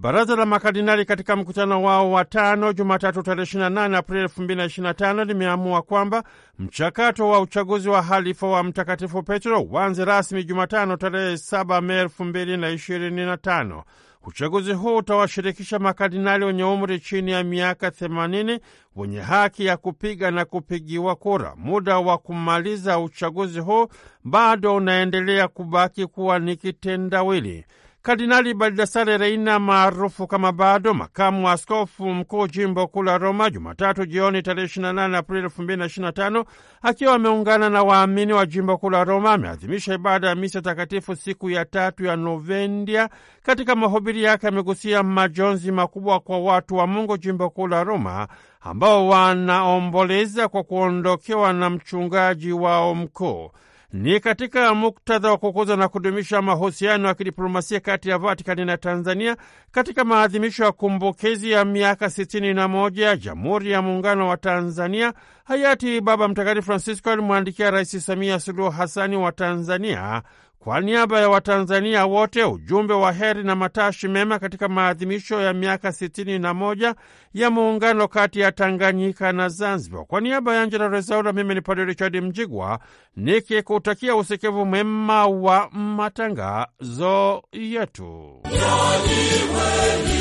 Baraza la makardinali katika mkutano wao wa tano Jumatatu tarehe 28 Aprili 2025 limeamua kwamba mchakato wa uchaguzi wa halifa wa Mtakatifu Petro uanze rasmi Jumatano tarehe 7 Mei 2025. Uchaguzi huu utawashirikisha makardinali wenye umri chini ya miaka 80 wenye haki ya kupiga na kupigiwa kura. Muda wa kumaliza uchaguzi huu bado unaendelea kubaki kuwa ni kitendawili. Kardinali Baldassare Reina maarufu kama Bado, makamu askofu mkuu jimbo kuu la Roma, Jumatatu jioni tarehe 28 Aprili 2025 akiwa ameungana na waamini wa jimbo kuu la Roma ameadhimisha ibada ya misa takatifu siku ya tatu ya Novendia. Katika mahubiri yake amegusia majonzi makubwa kwa watu wa Mungu jimbo kuu la Roma ambao wanaomboleza kwa kuondokewa na mchungaji wao mkuu ni katika muktadha wa kukuza na kudumisha mahusiano ya kidiplomasia kati ya Vatikani na Tanzania katika maadhimisho ya kumbukizi ya miaka 61 ya Jamhuri ya Muungano wa Tanzania. Hayati Baba Mtakatifu Francisco alimwandikia Rais Samia Suluhu Hasani wa Tanzania kwa niaba ya Watanzania wote ujumbe wa heri na matashi mema katika maadhimisho ya miaka 61 ya muungano kati ya Tanganyika na Zanzibar. Kwa niaba ya Angela Rezaura, mimi ni Padre Richard Mjigwa nikikutakia usikivu mwema wa matangazo yetu Yaliweni.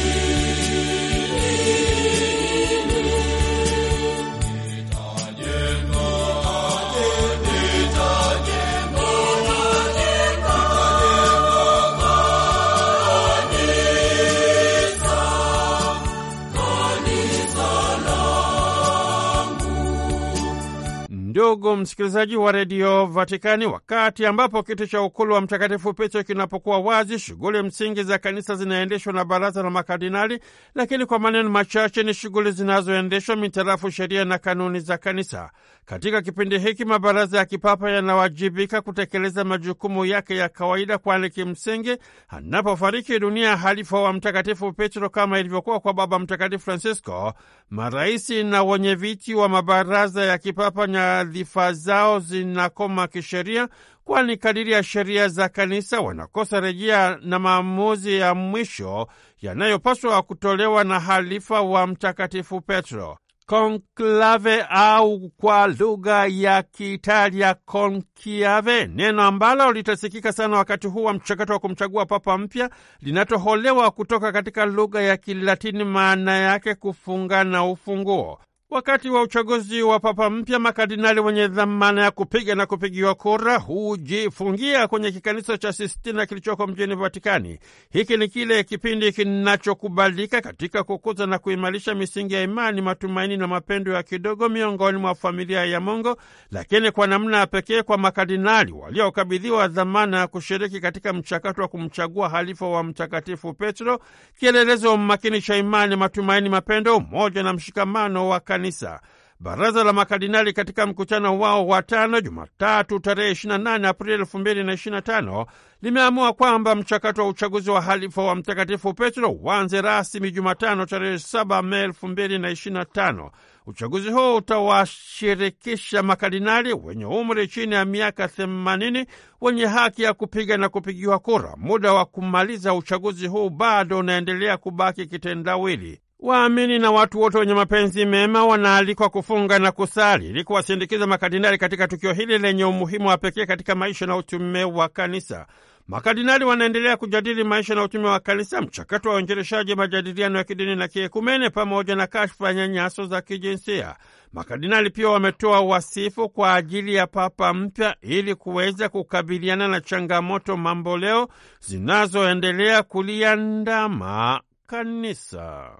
Ndugu msikilizaji wa redio Vatikani, wakati ambapo kiti cha ukulu wa Mtakatifu Petro kinapokuwa wazi, shughuli msingi za kanisa zinaendeshwa na baraza la makardinali, lakini kwa maneno machache ni shughuli zinazoendeshwa mitarafu sheria na kanuni za kanisa. Katika kipindi hiki mabaraza ya kipapa yanawajibika kutekeleza majukumu yake ya kawaida, kwani kimsingi anapofariki dunia halifa wa Mtakatifu Petro, kama ilivyokuwa kwa Baba Mtakatifu Francisco, maraisi na wenyeviti wa mabaraza ya kipapa nyadhifa zao zinakoma kisheria, kwani kadiri ya sheria za kanisa wanakosa rejea na maamuzi ya mwisho yanayopaswa kutolewa na halifa wa Mtakatifu Petro. Konklave au kwa lugha ya Kiitalia konkiave, neno ambalo litasikika sana wakati huu wa mchakato wa kumchagua papa mpya, linatoholewa kutoka katika lugha ya Kilatini, maana yake kufungana ufunguo. Wakati wa uchaguzi wa papa mpya, makardinali wenye dhamana ya kupiga na kupigiwa kura hujifungia kwenye kikanisa cha Sistina kilichoko mjini Vatikani. Hiki ni kile kipindi kinachokubalika katika kukuza na kuimarisha misingi ya imani, matumaini na mapendo ya kidogo miongoni mwa familia ya Mungu, lakini kwa namna ya pekee kwa makardinali waliokabidhiwa dhamana ya kushiriki katika mchakato wa kumchagua halifa wa Mtakatifu Petro, kielelezo makini cha imani, matumaini, mapendo, umoja na mshikamano wa Kanisa. Baraza la makardinali katika mkutano wao wa tano Jumatatu tarehe 28 Aprili 2025 limeamua kwamba mchakato wa uchaguzi wa halifa wa Mtakatifu Petro uanze rasmi Jumatano tarehe 7 Mei 2025. Uchaguzi huo utawashirikisha makardinali wenye umri chini ya miaka 80 wenye haki ya kupiga na kupigiwa kura. Muda wa kumaliza uchaguzi huu bado unaendelea kubaki kitendawili. Waamini na watu wote wenye mapenzi mema wanaalikwa kufunga na kusali ili kuwasindikiza makardinali katika tukio hili lenye umuhimu wa pekee katika maisha na utume wa kanisa. Makardinali wanaendelea kujadili maisha na utume wa kanisa, mchakato wa uinjilishaji, majadiliano ya kidini na kiekumene, pamoja na kashfa ya nyanyaso za kijinsia. Makardinali pia wametoa wasifu kwa ajili ya papa mpya ili kuweza kukabiliana na changamoto mamboleo zinazoendelea kuliandama kanisa.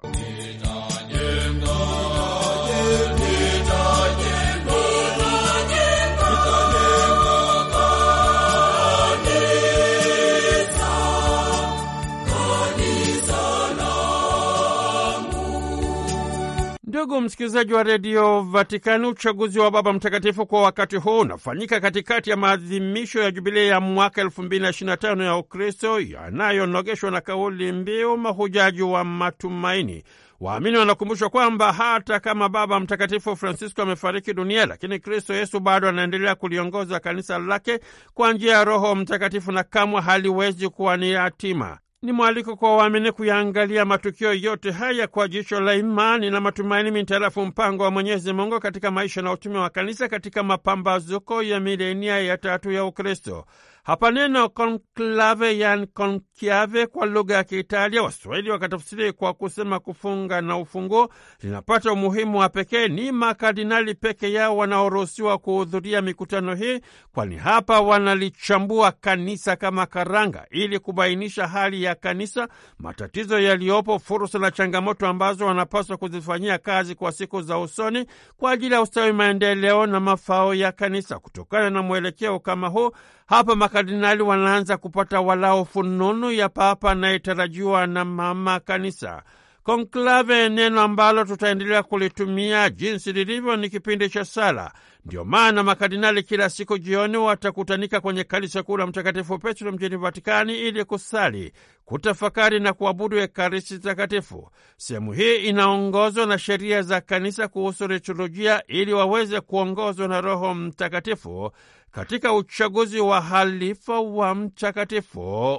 Ndugu msikilizaji wa redio Vatikani, uchaguzi wa Baba Mtakatifu kwa wakati huu unafanyika katikati ya maadhimisho ya jubilei ya mwaka 2025 ya Ukristo yanayonogeshwa na kauli mbiu mahujaji wa matumaini. Waamini wanakumbushwa kwamba hata kama Baba Mtakatifu Francisco amefariki dunia, lakini Kristo Yesu bado anaendelea kuliongoza kanisa lake kwa njia ya Roho Mtakatifu na kamwe haliwezi kuwa ni yatima ni mwaliko kwa waamini kuyaangalia matukio yote haya kwa jicho la imani na matumaini mintarafu mpango wa Mwenyezi Mungu katika maisha na utume wa kanisa katika mapambazuko ya milenia ya tatu ya Ukristo. Hapa neno konklave, yani konkiave kwa lugha ya Kiitalia, Waswahili wakatafsiri kwa kusema kufunga na ufunguo, linapata umuhimu wa pekee. Ni makardinali peke yao wanaoruhusiwa kuhudhuria mikutano hii, kwani hapa wanalichambua kanisa kama karanga, ili kubainisha hali ya kanisa, matatizo yaliyopo, fursa na changamoto ambazo wanapaswa kuzifanyia kazi kwa siku za usoni kwa ajili ya ustawi, maendeleo na mafao ya kanisa. Kutokana na mwelekeo kama huu hapa makardinali wanaanza kupata walao fununu ya papa anayetarajiwa na mama kanisa. Konklave, neno ambalo tutaendelea kulitumia jinsi lilivyo, ni kipindi cha sala. Ndio maana makardinali kila siku jioni watakutanika kwenye kanisa kuu la Mtakatifu Petro mjini Vatikani ili kusali, kutafakari na kuabudu Ekaristi Takatifu. Sehemu hii inaongozwa na sheria za kanisa kuhusu liturujia, ili waweze kuongozwa na Roho Mtakatifu katika uchaguzi wa halifa wa mtakatifu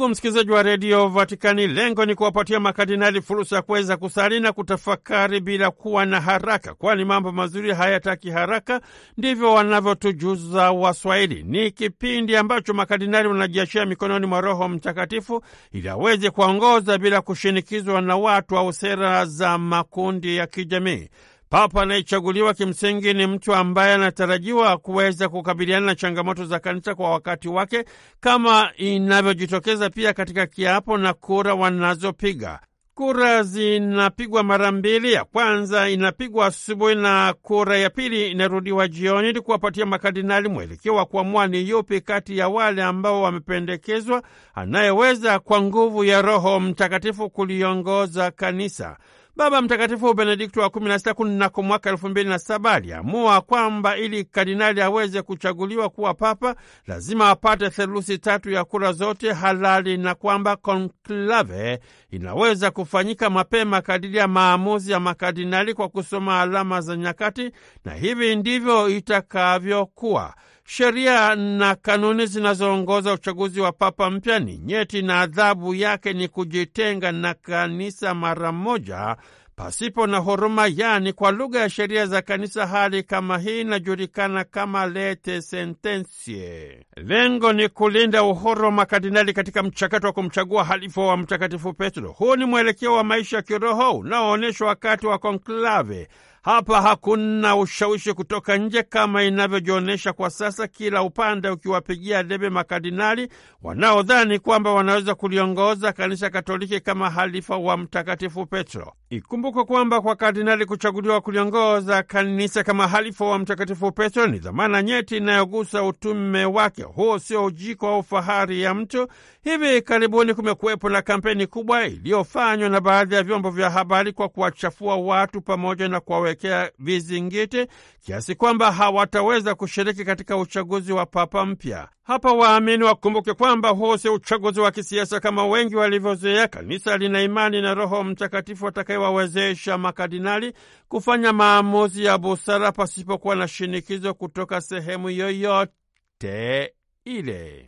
Ndugu msikilizaji wa redio Vatikani, lengo ni kuwapatia makardinali fursa ya kuweza kusali na kutafakari bila kuwa na haraka, kwani mambo mazuri hayataki haraka, ndivyo wanavyotujuza Waswahili. Ni kipindi ambacho makardinali wanajiachia mikononi mwa Roho Mtakatifu ili aweze kuwaongoza bila kushinikizwa na watu au sera za makundi ya kijamii. Papa anayechaguliwa kimsingi ni mtu ambaye anatarajiwa kuweza kukabiliana na changamoto za kanisa kwa wakati wake, kama inavyojitokeza pia katika kiapo na kura wanazopiga. Kura zinapigwa mara mbili. Ya kwanza inapigwa asubuhi na kura ya pili inarudiwa jioni, ili kuwapatia makardinali mwelekeo wa kuamua ni yupi kati ya wale ambao wamependekezwa anayeweza kwa nguvu ya Roho Mtakatifu kuliongoza kanisa. Baba Mtakatifu Benedikto wa kumi na sita kunako mwaka elfu mbili na saba aliamua kwamba ili kardinali aweze kuchaguliwa kuwa papa lazima apate theluthi tatu ya kura zote halali na kwamba konklave inaweza kufanyika mapema kadiri ya maamuzi ya makardinali kwa kusoma alama za nyakati, na hivi ndivyo itakavyokuwa sheria na kanuni zinazoongoza uchaguzi wa papa mpya ni nyeti na adhabu yake ni kujitenga na kanisa mara moja pasipo na huruma, yaani kwa lugha ya sheria za kanisa, hali kama hii inajulikana kama lete sentensie. Lengo ni kulinda uhuru wa makardinali katika mchakato wa kumchagua halifu wa Mtakatifu Petro. Huu ni mwelekeo wa maisha ya kiroho unaoonyeshwa wakati wa konklave hapa hakuna ushawishi kutoka nje kama inavyojionyesha kwa sasa, kila upande ukiwapigia debe makardinali wanaodhani kwamba wanaweza kuliongoza kanisa Katoliki kama halifa wa Mtakatifu Petro. Ikumbukwe kwamba kwa kardinali kuchaguliwa kuliongoza kanisa kama halifa wa Mtakatifu Petro ni dhamana nyeti inayogusa utume wake. Huo sio ujiko au fahari ya mtu. Hivi karibuni kumekuwepo na kampeni kubwa iliyofanywa na baadhi ya vyombo vya habari kwa kuwachafua watu pamoja na kuwawekea vizingiti kiasi kwamba hawataweza kushiriki katika uchaguzi wa papa mpya. Hapa waamini wakumbuke kwamba huo sio uchaguzi wa kisiasa kama wengi walivyozoea. Kanisa lina imani na Roho Mtakatifu atakaye wawezesha makardinali kufanya maamuzi ya busara pasipokuwa na shinikizo kutoka sehemu yoyote ile.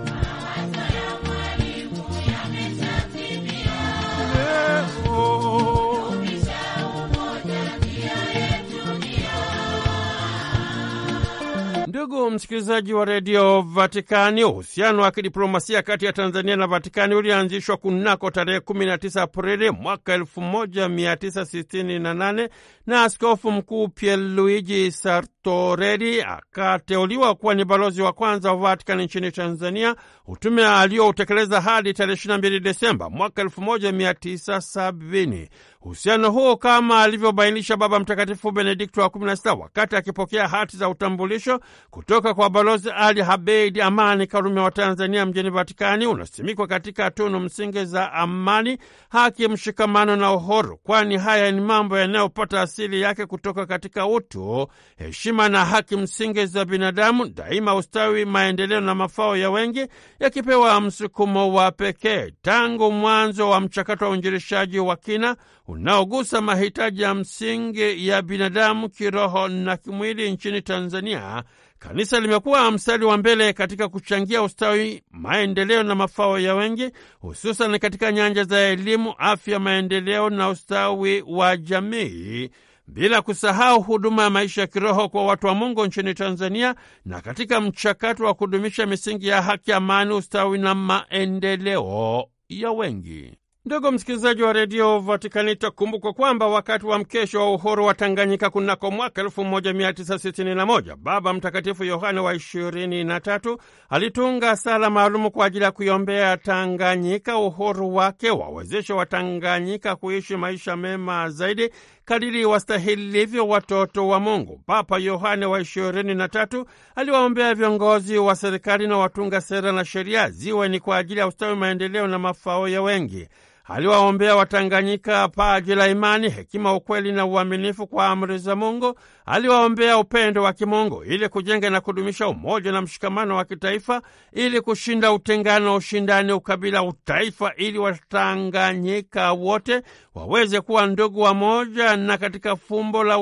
msikilizaji wa redio Vatikani, uhusiano wa kidiplomasia kati ya Tanzania na Vatikani ulianzishwa kunako tarehe 19 Aprili mwaka 1968 na askofu mkuu Pierluigi Sartorelli akateuliwa kuwa ni balozi wa kwanza wa Vatikani nchini Tanzania, utume aliyoutekeleza hadi tarehe 22 Desemba mwaka 1970. Uhusiano huo kama alivyobainisha Baba Mtakatifu Benedikto wa 16 wakati akipokea hati za utambulisho kutoka kwa Balozi Ali Habeid Amani Karume wa Tanzania mjini Vatikani unasimikwa katika tunu msingi za amani, haki, mshikamano na uhuru, kwani haya ni mambo yanayopata asili yake kutoka katika utu, heshima na haki msingi za binadamu, daima ustawi, maendeleo na mafao ya wengi yakipewa msukumo wa pekee tangu mwanzo wa mchakato wa uinjilishaji wa kina unaogusa mahitaji ya msingi ya binadamu kiroho na kimwili nchini Tanzania, kanisa limekuwa mstari wa mbele katika kuchangia ustawi, maendeleo na mafao ya wengi, hususan katika nyanja za elimu, afya, maendeleo na ustawi wa jamii bila kusahau huduma ya maisha ya kiroho kwa watu wa Mungu nchini Tanzania na katika mchakato wa kudumisha misingi ya haki, amani, ustawi na maendeleo ya wengi. Ndugu msikilizaji wa redio Vatikani, takumbukwa kwamba wakati wa mkesho wa uhuru wa Tanganyika kunako mwaka 1961 Baba Mtakatifu Yohane wa 23 alitunga sala maalumu kwa ajili ya kuiombea Tanganyika, uhuru wake, wawezeshe Watanganyika kuishi maisha mema zaidi kadiri wastahilivyo watoto wa Mungu. Papa Yohane wa 23 aliwaombea viongozi wa serikali na watunga sera na sheria, ziwe ni kwa ajili ya ustawi, maendeleo na mafao ya wengi aliwaombea Watanganyika paji la imani, hekima, ukweli na uaminifu kwa amri za Mungu. Aliwaombea upendo wa kimungu ili kujenga na kudumisha umoja na mshikamano wa kitaifa, ili kushinda utengano, ushindani, ukabila, utaifa, ili Watanganyika wote waweze kuwa ndugu wamoja na katika fumbo la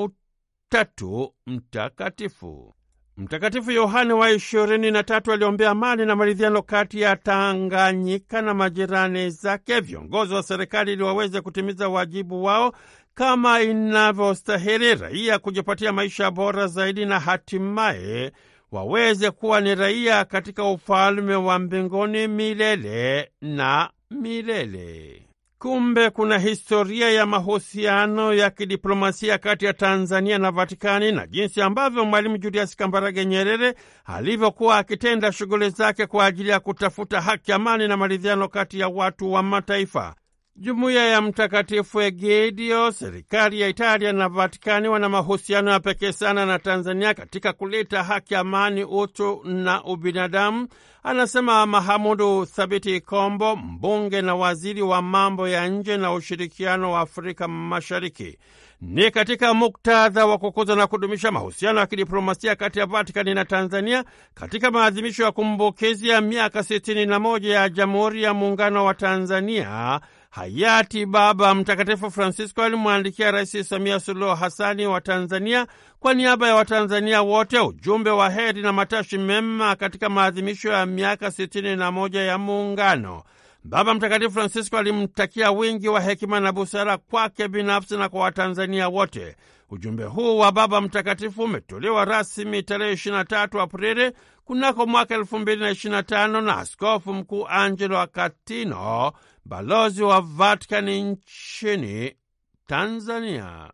Utatu Mtakatifu. Mtakatifu Yohane wa ishirini na tatu aliombea amani na maridhiano kati ya Tanganyika na majirani zake. Viongozi wa serikali ili waweze kutimiza wajibu wao kama inavyostahili, raia kujipatia maisha bora zaidi na hatimaye waweze kuwa ni raia katika ufalme wa mbinguni milele na milele. Kumbe kuna historia ya mahusiano ya kidiplomasia kati ya Tanzania na Vatikani na jinsi ambavyo Mwalimu Julius Kambarage Nyerere alivyokuwa akitenda shughuli zake kwa ajili ya kutafuta haki, amani na maridhiano kati ya watu wa mataifa. Jumuiya ya Mtakatifu Egidio, serikali ya Italia na Vatikani wana mahusiano ya pekee sana na Tanzania katika kuleta haki, amani, utu na ubinadamu, anasema Mahamudu Thabiti Kombo, mbunge na waziri wa mambo ya nje na ushirikiano wa Afrika Mashariki. Ni katika muktadha wa kukuza na kudumisha mahusiano ya kidiplomasia kati ya Vatikani na Tanzania katika maadhimisho ya kumbukizi ya miaka 61 ya Jamhuri ya Muungano wa Tanzania. Hayati Baba Mtakatifu Francisco alimwandikia Rais Samia Suluhu Hasani wa Tanzania kwa niaba ya Watanzania wote ujumbe wa heri na matashi mema katika maadhimisho ya miaka 61 ya Muungano. Baba Mtakatifu Francisco alimtakia wingi wa hekima na busara kwake binafsi na kwa Watanzania wote. Ujumbe huu wa Baba Mtakatifu umetolewa rasmi tarehe 23 Aprili kunako mwaka 2025 na Askofu Mkuu Angelo Akatino, balozi wa Vatikani nchini Tanzania.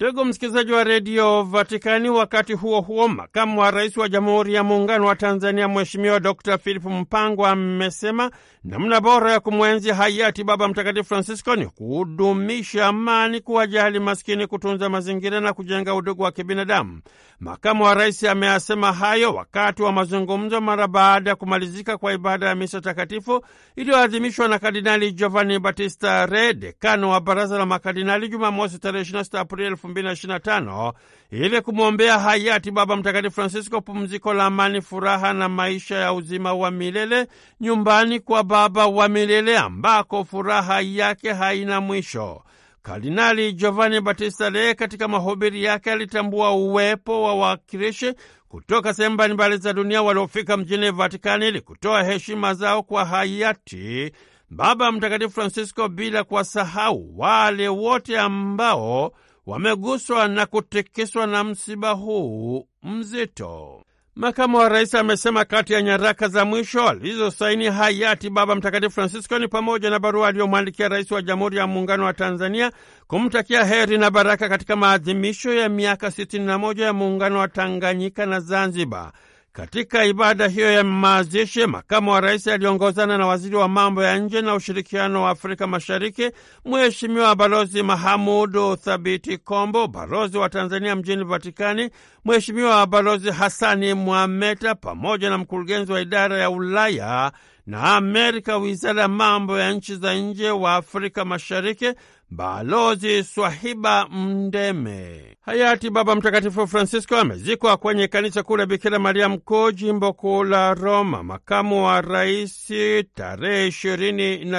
Ndugu msikilizaji wa redio Vatikani, wakati huo huo, makamu wa rais wa Jamhuri ya Muungano wa Tanzania Mheshimiwa Dr Philip Mpango amesema namna bora ya kumwenzi hayati Baba Mtakatifu Francisco ni kudumisha amani, kuwajali maskini, kutunza mazingira na kujenga udugu wa kibinadamu. Makamu wa rais ameyasema hayo wakati wa mazungumzo mara baada ya kumalizika kwa ibada ya misa takatifu iliyoadhimishwa na Kardinali Giovanni Battista Re, dekano wa Baraza la Makardinali, Jumamosi tarehe 26 Aprili 2025 ili kumwombea hayati Baba Mtakatifu Francisco pumziko la amani, furaha na maisha ya uzima wa milele nyumbani kwa Baba wa milele ambako furaha yake haina mwisho. Kardinali Giovanni Battista Re katika mahubiri yake alitambua uwepo wa wawakilishi kutoka sehemu mbalimbali za dunia waliofika mjini Vatikani ili kutoa heshima zao kwa hayati Baba Mtakatifu Francisco, bila kuwasahau wale wote ambao wameguswa na kutikiswa na msiba huu mzito. Makamu wa rais amesema kati ya nyaraka za mwisho alizosaini hayati Baba Mtakatifu Francisco ni pamoja na barua aliyomwandikia rais wa Jamhuri ya Muungano wa Tanzania kumtakia heri na baraka katika maadhimisho ya miaka 61 ya muungano wa Tanganyika na Zanzibar. Katika ibada hiyo ya mazishi, makamu wa rais aliongozana na waziri wa mambo ya nje na ushirikiano wa Afrika Mashariki, Mheshimiwa Balozi Mahamudu Thabiti Kombo, balozi wa Tanzania mjini Vatikani, Mheshimiwa Balozi Hasani Mwameta, pamoja na mkurugenzi wa idara ya Ulaya na Amerika, wizara ya mambo ya nchi za nje wa Afrika Mashariki Balozi Swahiba Mndeme. Hayati Baba Mtakatifu Francisco amezikwa kwenye kanisa kuu la Bikira Maria Mkuu, jimbo kuu la Roma. Makamu wa rais tarehe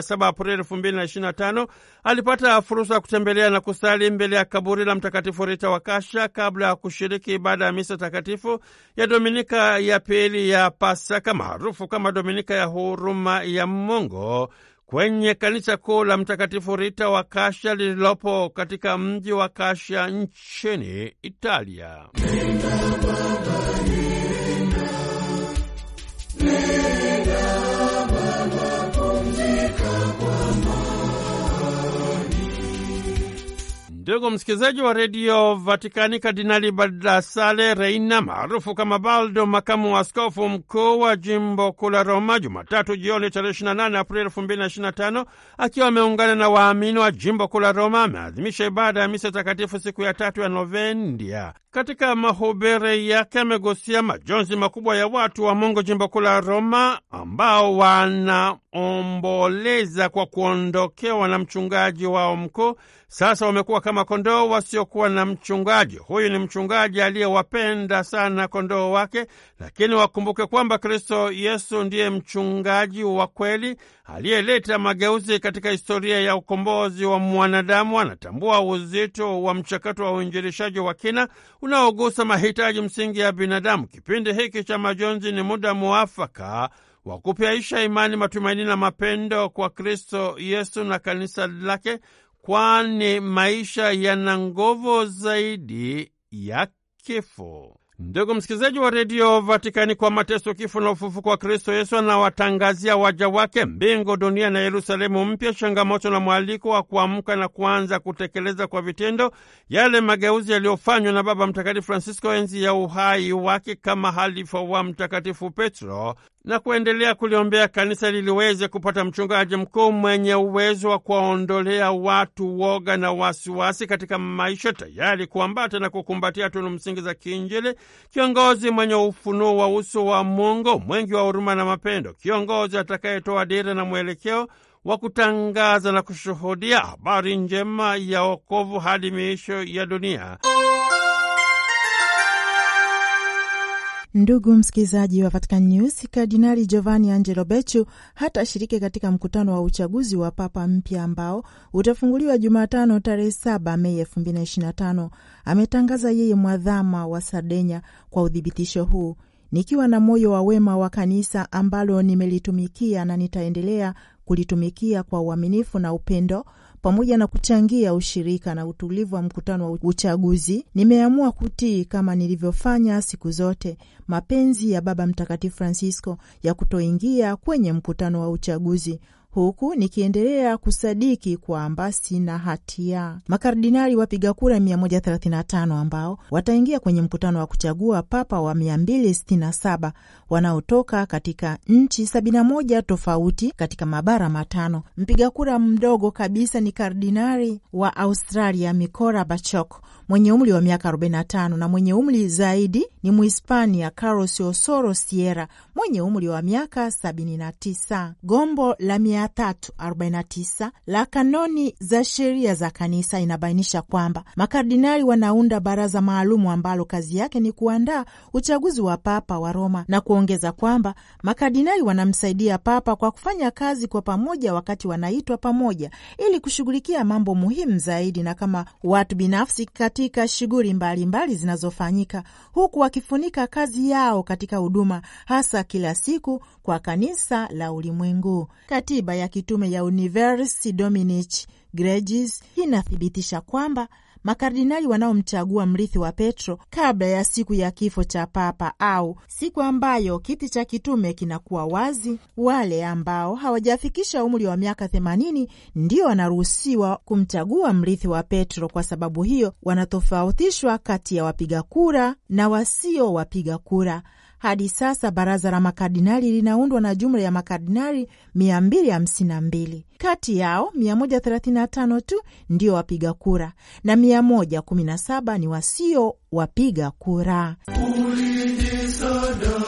saba Aprili tano alipata fursa ya kutembelea na kusali mbele ya kaburi la Mtakatifu Rita wa Kasha kabla ya kushiriki ibada ya misa takatifu ya Dominika ya pili ya Pasaka maarufu kama Dominika ya Huruma ya Mungu kwenye kanisa kuu la Mtakatifu Rita wa Kasha lililopo katika mji wa Kasha nchini Italia. Ndugu msikilizaji wa redio Vatikani, Kardinali Baldassare Reina maarufu kama Baldo, makamu wa askofu mkuu wa jimbo kuu la Roma, Jumatatu jioni tarehe 28 Aprili 2025 akiwa ameungana na waamini wa jimbo kuu la Roma ameadhimisha ibada ya misa takatifu siku ya tatu ya Novendia. Katika mahubiri yake amegusia majonzi makubwa ya watu wa Mungu jimbo kuu la Roma ambao wana kuomboleza kwa kuondokewa na mchungaji wao mkuu. Sasa wamekuwa kama kondoo wasiokuwa na mchungaji. Huyu ni mchungaji aliyewapenda sana kondoo wake, lakini wakumbuke kwamba Kristo Yesu ndiye mchungaji wa kweli aliyeleta mageuzi katika historia ya ukombozi wa mwanadamu. Anatambua uzito wa mchakato wa uinjilishaji wa kina unaogusa mahitaji msingi ya binadamu. Kipindi hiki cha majonzi ni muda muafaka wa kupyaisha imani, matumaini na mapendo kwa Kristo Yesu na kanisa lake, kwani maisha yana nguvu zaidi ya kifo. Ndugu msikilizaji wa redio Vatikani, kwa mateso, kifo na ufufuko wa Kristo Yesu anawatangazia waja wake mbingu, dunia na Yerusalemu mpya, changamoto na mwaliko wa kuamka na kuanza kutekeleza kwa vitendo yale mageuzi yaliyofanywa na Baba Mtakatifu Francisco enzi ya uhai wake kama halifa wa Mtakatifu Petro na kuendelea kuliombea kanisa liliweze kupata mchungaji mkuu mwenye uwezo wa kuwaondolea watu woga na wasiwasi katika maisha, tayari kuambata na kukumbatia tunu msingi za kiinjili, kiongozi mwenye ufunuo wa uso wa Mungu, mwengi wa huruma na mapendo, kiongozi atakayetoa dira na mwelekeo wa kutangaza na kushuhudia habari njema ya wokovu hadi miisho ya dunia. Ndugu msikilizaji wa Vatican News, Kardinali Giovanni Angelo hata hatashiriki katika mkutano wa uchaguzi wa papa mpya ambao utafunguliwa Jumatano tarehe 7 Mei 2025. Ametangaza yeye mwadhama wa Sardenya kwa udhibitisho huu: nikiwa na moyo wa wema wa kanisa ambalo nimelitumikia na nitaendelea kulitumikia kwa uaminifu na upendo pamoja na kuchangia ushirika na utulivu wa mkutano wa uchaguzi, nimeamua kutii kama nilivyofanya siku zote mapenzi ya Baba Mtakatifu Francisco ya kutoingia kwenye mkutano wa uchaguzi huku nikiendelea kusadiki kwamba sina hatia. Makardinali wapiga kura 135 ambao wataingia kwenye mkutano wa kuchagua papa wa 267 wanaotoka katika nchi 71 tofauti katika mabara matano. Mpiga kura mdogo kabisa ni kardinali wa Australia Micora Bachok mwenye umri wa miaka 45 na mwenye umri zaidi ni Muhispania Carlos Osoro Sierra mwenye umri wa miaka 79. Gombo la 349 la kanoni za sheria za kanisa inabainisha kwamba makardinali wanaunda baraza maalumu ambalo kazi yake ni kuandaa uchaguzi wa papa wa Roma, na kuongeza kwamba makardinali wanamsaidia papa kwa kufanya kazi kwa pamoja wakati wanaitwa pamoja ili kushughulikia mambo muhimu zaidi na kama watu binafsi kati katika shughuli mbalimbali zinazofanyika huku wakifunika kazi yao katika huduma hasa kila siku kwa kanisa la ulimwengu. Katiba ya kitume ya Universi Dominici Gregis inathibitisha kwamba makardinali wanaomchagua mrithi wa Petro kabla ya siku ya kifo cha Papa au siku ambayo kiti cha kitume kinakuwa wazi. Wale ambao hawajafikisha umri wa miaka themanini ndio wanaruhusiwa kumchagua mrithi wa Petro. Kwa sababu hiyo, wanatofautishwa kati ya wapiga kura na wasio wapiga kura. Hadi sasa baraza la makardinali linaundwa na jumla ya makardinali 252. Kati yao 135 tu ndio wapiga kura na 117 ni wasio wapiga kura. Uingi sadaka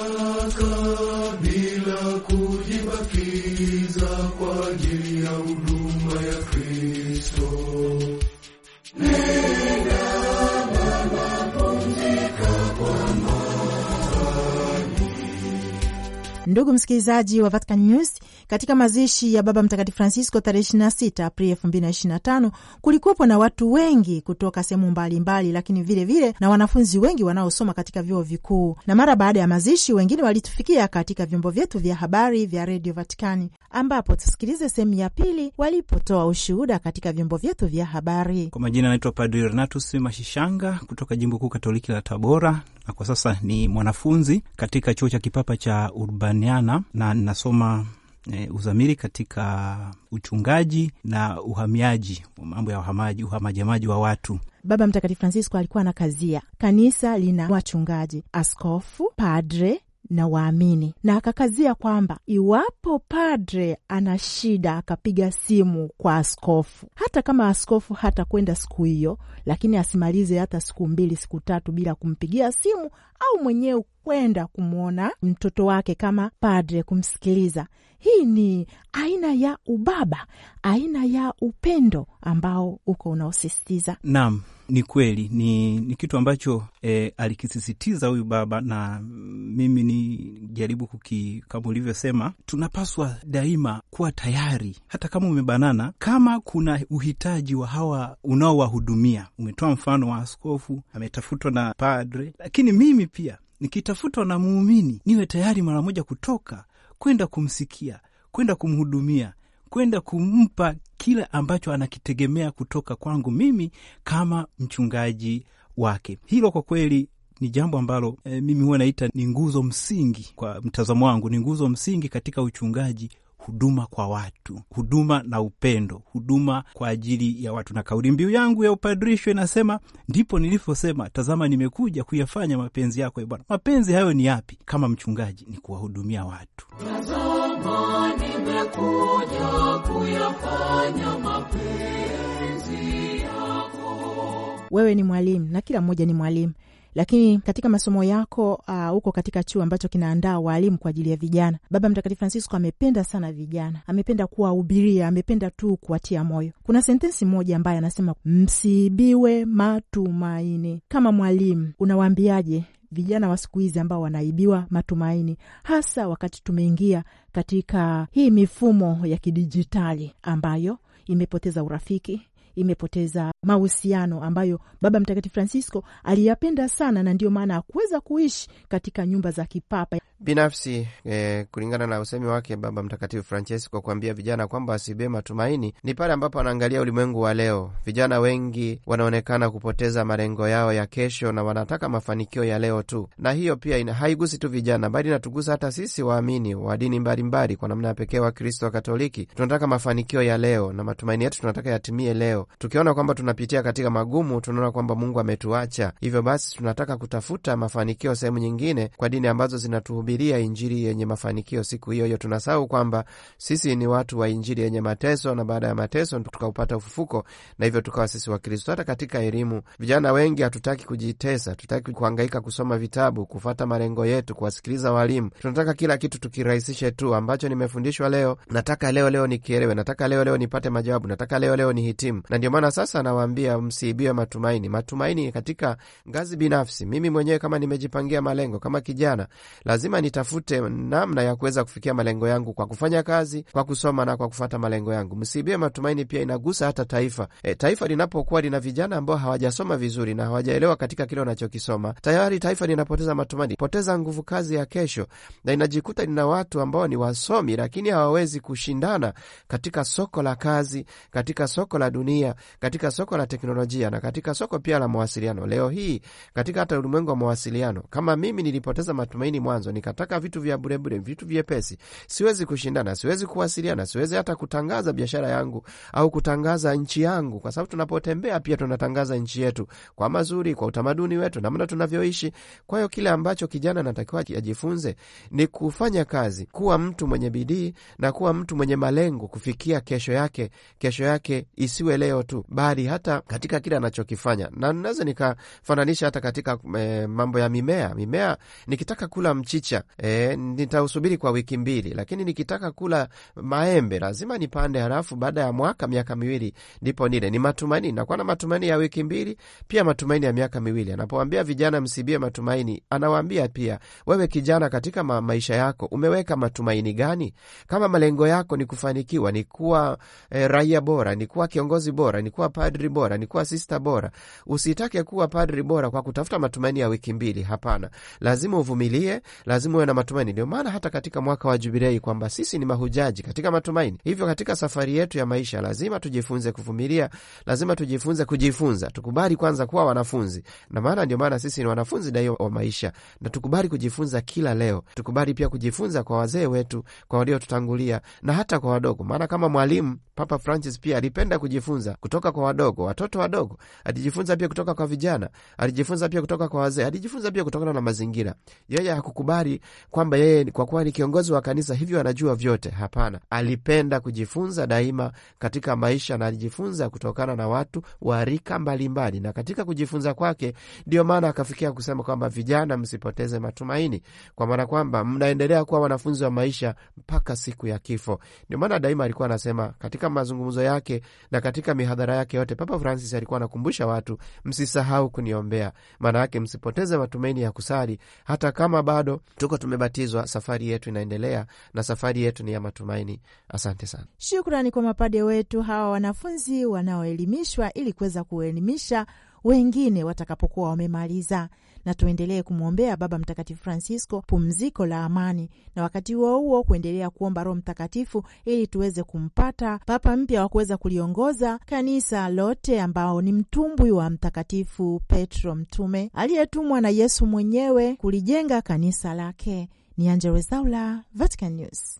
Ndugu msikilizaji wa Vatican News, katika mazishi ya Baba Mtakatifu Francisco tarehe 26 Aprili 2025 kulikuwepo na watu wengi kutoka sehemu mbalimbali, lakini vilevile vile na wanafunzi wengi wanaosoma katika vyuo vikuu, na mara baada ya mazishi wengine walitufikia katika vyombo vyetu vya habari vya redio vaticani ambapo tusikilize sehemu ya pili walipotoa ushuhuda katika vyombo vyetu vya habari. Kwa majina anaitwa Padri Renatus Mashishanga kutoka jimbo kuu katoliki la Tabora na kwa sasa ni mwanafunzi katika chuo cha kipapa cha Urbaniana na ninasoma e, eh, uzamiri katika uchungaji na uhamiaji, mambo ya uhamaji, uhamajamaji wa watu. Baba Mtakatifu Francisco alikuwa kazia kanisa lina wachungaji, askofu, padre na waamini na akakazia kwamba iwapo padre ana shida akapiga simu kwa askofu, hata kama askofu hata kwenda siku hiyo, lakini asimalize hata siku mbili siku tatu bila kumpigia simu, au mwenyewe kwenda kumwona mtoto wake kama padre, kumsikiliza. Hii ni aina ya ubaba, aina ya upendo ambao uko unaosisitiza. Naam, ni kweli, ni, ni kitu ambacho e, alikisisitiza huyu baba, na mimi ni jaribu kuki, kama ulivyosema, tunapaswa daima kuwa tayari, hata kama umebanana, kama kuna uhitaji wa hawa unaowahudumia. Umetoa mfano wa askofu, ametafutwa na padre, lakini mimi pia nikitafutwa na muumini, niwe tayari mara moja kutoka kwenda kumsikia, kwenda kumhudumia, kwenda kumpa kile ambacho anakitegemea kutoka kwangu mimi kama mchungaji wake. Hilo kwa kweli ni jambo ambalo e, mimi huwa naita ni nguzo msingi. Kwa mtazamo wangu, ni nguzo msingi katika uchungaji huduma kwa watu, huduma na upendo, huduma kwa ajili ya watu. Na kauli mbiu yangu ya upadrisho inasema, ndipo nilivyosema, tazama, nimekuja kuyafanya mapenzi yako, e Bwana. Mapenzi hayo ni yapi? Kama mchungaji ni kuwahudumia watu. Tazama, nimekuja kuyafanya mapenzi yako. Wewe ni mwalimu na kila mmoja ni mwalimu lakini katika masomo yako uh, katika chuo ambacho kinaandaa waalimu kwa ajili ya vijana. Baba Mtakatifu Francisco amependa sana vijana, amependa kuwahubiria, amependa tu kuwatia moyo. Kuna sentensi moja ambayo anasema msiibiwe matumaini. Kama mwalimu unawaambiaje vijana wa siku hizi ambao wanaibiwa matumaini, hasa wakati tumeingia katika hii mifumo ya kidijitali ambayo imepoteza urafiki, imepoteza mahusiano ambayo Baba Mtakatifu Francisco aliyapenda sana, na ndiyo maana hakuweza kuishi katika nyumba za kipapa binafsi eh, kulingana na usemi wake Baba Mtakatifu Francesco kuambia vijana kwamba wasibie matumaini ni pale ambapo wanaangalia ulimwengu wa leo. Vijana wengi wanaonekana kupoteza malengo yao ya kesho na wanataka mafanikio ya leo tu, na hiyo pia ina, haigusi tu vijana, bali inatugusa hata sisi waamini wa dini mbalimbali. Kwa namna ya pekee wa Kristo wa Katoliki tunataka mafanikio ya leo na matumaini yetu tunataka yatimie leo. Tukiona kwamba tunapitia katika magumu, tunaona kwamba Mungu ametuacha, hivyo basi tunataka kutafuta mafanikio sehemu nyingine kwa dini ambazo zinatuhubiri kuhubiria Injili yenye mafanikio siku hiyo hiyo. Tunasahau kwamba sisi ni watu wa Injili yenye mateso, na baada ya mateso tukaupata ufufuko, na hivyo tukawa sisi Wakristo. Hata katika elimu, vijana wengi hatutaki kujitesa, tutaki kuhangaika kusoma vitabu, kufata malengo yetu, kuwasikiliza walimu. Tunataka kila kitu tukirahisishe tu. Ambacho nimefundishwa leo, nataka leo leo nikielewe, nataka leo leo nipate majawabu, nataka leo leo nihitimu. Na ndio maana sasa nawaambia msiibiwe matumaini. Matumaini katika ngazi binafsi, mimi mwenyewe kama nimejipangia malengo kama kijana, lazima nitafute namna ya kuweza kufikia malengo yangu kwa kufanya kazi, kwa kusoma na kwa kufata malengo yangu. Msiibie matumaini pia inagusa hata taifa. E, taifa linapokuwa lina vijana ambao hawajasoma vizuri na hawajaelewa katika kile wanachokisoma, tayari taifa linapoteza matumaini, poteza nguvu kazi ya kesho, na inajikuta lina watu ambao ni wasomi lakini hawawezi kushindana katika soko la kazi, katika soko la dunia, katika soko la teknolojia na katika soko pia la mawasiliano. Leo hii katika hata ulimwengu wa mawasiliano, kama mimi nilipoteza matumaini mwanzo ni nikataka vitu vya burebure, vitu vyepesi, siwezi kushindana, siwezi kuwasiliana, siwezi hata kutangaza biashara yangu au kutangaza nchi yangu, kwa sababu tunapotembea pia tunatangaza nchi yetu kwa mazuri, kwa utamaduni wetu, namna tunavyoishi. Kwa hiyo kile ambacho kijana anatakiwa ajifunze ni kufanya kazi, kuwa mtu mwenye bidii na kuwa mtu mwenye malengo, kufikia kesho yake. Kesho yake isiwe leo tu, bali hata katika kile anachokifanya, na naweza nikafananisha hata katika e, mambo ya mimea. Mimea nikitaka kula mchicha kujiburudisha e, nitausubiri kwa wiki mbili, lakini nikitaka kula maembe lazima nipande, halafu baada ya mwaka miaka miwili ndipo nile. Ni matumaini, nakuwa na matumaini ya wiki mbili, pia matumaini ya miaka miwili. Anapowambia vijana msibie matumaini, anawambia pia, wewe kijana, katika ma maisha yako umeweka matumaini gani? Kama malengo yako ni kufanikiwa, ni kuwa e, raia bora, ni kuwa kiongozi bora, ni kuwa padri bora, ni kuwa sista bora, usitake kuwa padri bora kwa kutafuta matumaini ya wiki mbili. Hapana, lazima uvumilie, lazima lazima uwe na matumaini. Ndio maana hata katika mwaka wa Jubilei kwamba sisi ni mahujaji katika matumaini. Hivyo katika safari yetu ya maisha lazima tujifunze kuvumilia, lazima tujifunze kujifunza, tukubali kwanza kuwa wanafunzi na maana, ndio maana sisi ni wanafunzi daima wa maisha, na tukubali kujifunza kila leo, tukubali pia kujifunza kwa wazee wetu, kwa waliotutangulia na hata kwa wadogo, maana kama mwalimu Papa Francis pia alipenda kujifunza kutoka kwa wadogo, watoto wadogo. Alijifunza pia kutoka kwa vijana, alijifunza pia kutoka kwa wazee, alijifunza pia kutokana na mazingira. Yeye hakukubali kweli kwamba yeye kwa kuwa ni kiongozi wa kanisa hivyo anajua vyote. Hapana, alipenda kujifunza daima katika maisha na alijifunza kutokana na watu wa rika mbalimbali, na katika kujifunza kwake ndiyo maana akafikia kusema kwamba vijana, msipoteze matumaini, kwa maana kwamba mnaendelea kuwa wanafunzi wa maisha mpaka siku ya kifo. Ndio maana daima alikuwa anasema katika mazungumzo yake na katika mihadhara yake yote, Papa Francis alikuwa anakumbusha watu, msisahau kuniombea, maana yake msipoteze matumaini ya kusali hata kama bado tuko tumebatizwa, safari yetu inaendelea na safari yetu ni ya matumaini. Asante sana, shukrani kwa mapade wetu hawa wanafunzi wanaoelimishwa ili kuweza kuelimisha wengine watakapokuwa wamemaliza. Na tuendelee kumwombea Baba Mtakatifu Francisco pumziko la amani, na wakati huo huo kuendelea kuomba Roho Mtakatifu ili tuweze kumpata papa mpya wa kuweza kuliongoza kanisa lote, ambao ni mtumbwi wa Mtakatifu Petro mtume aliyetumwa na Yesu mwenyewe kulijenga kanisa lake. Ni Angella Rwezaula, Vatican News.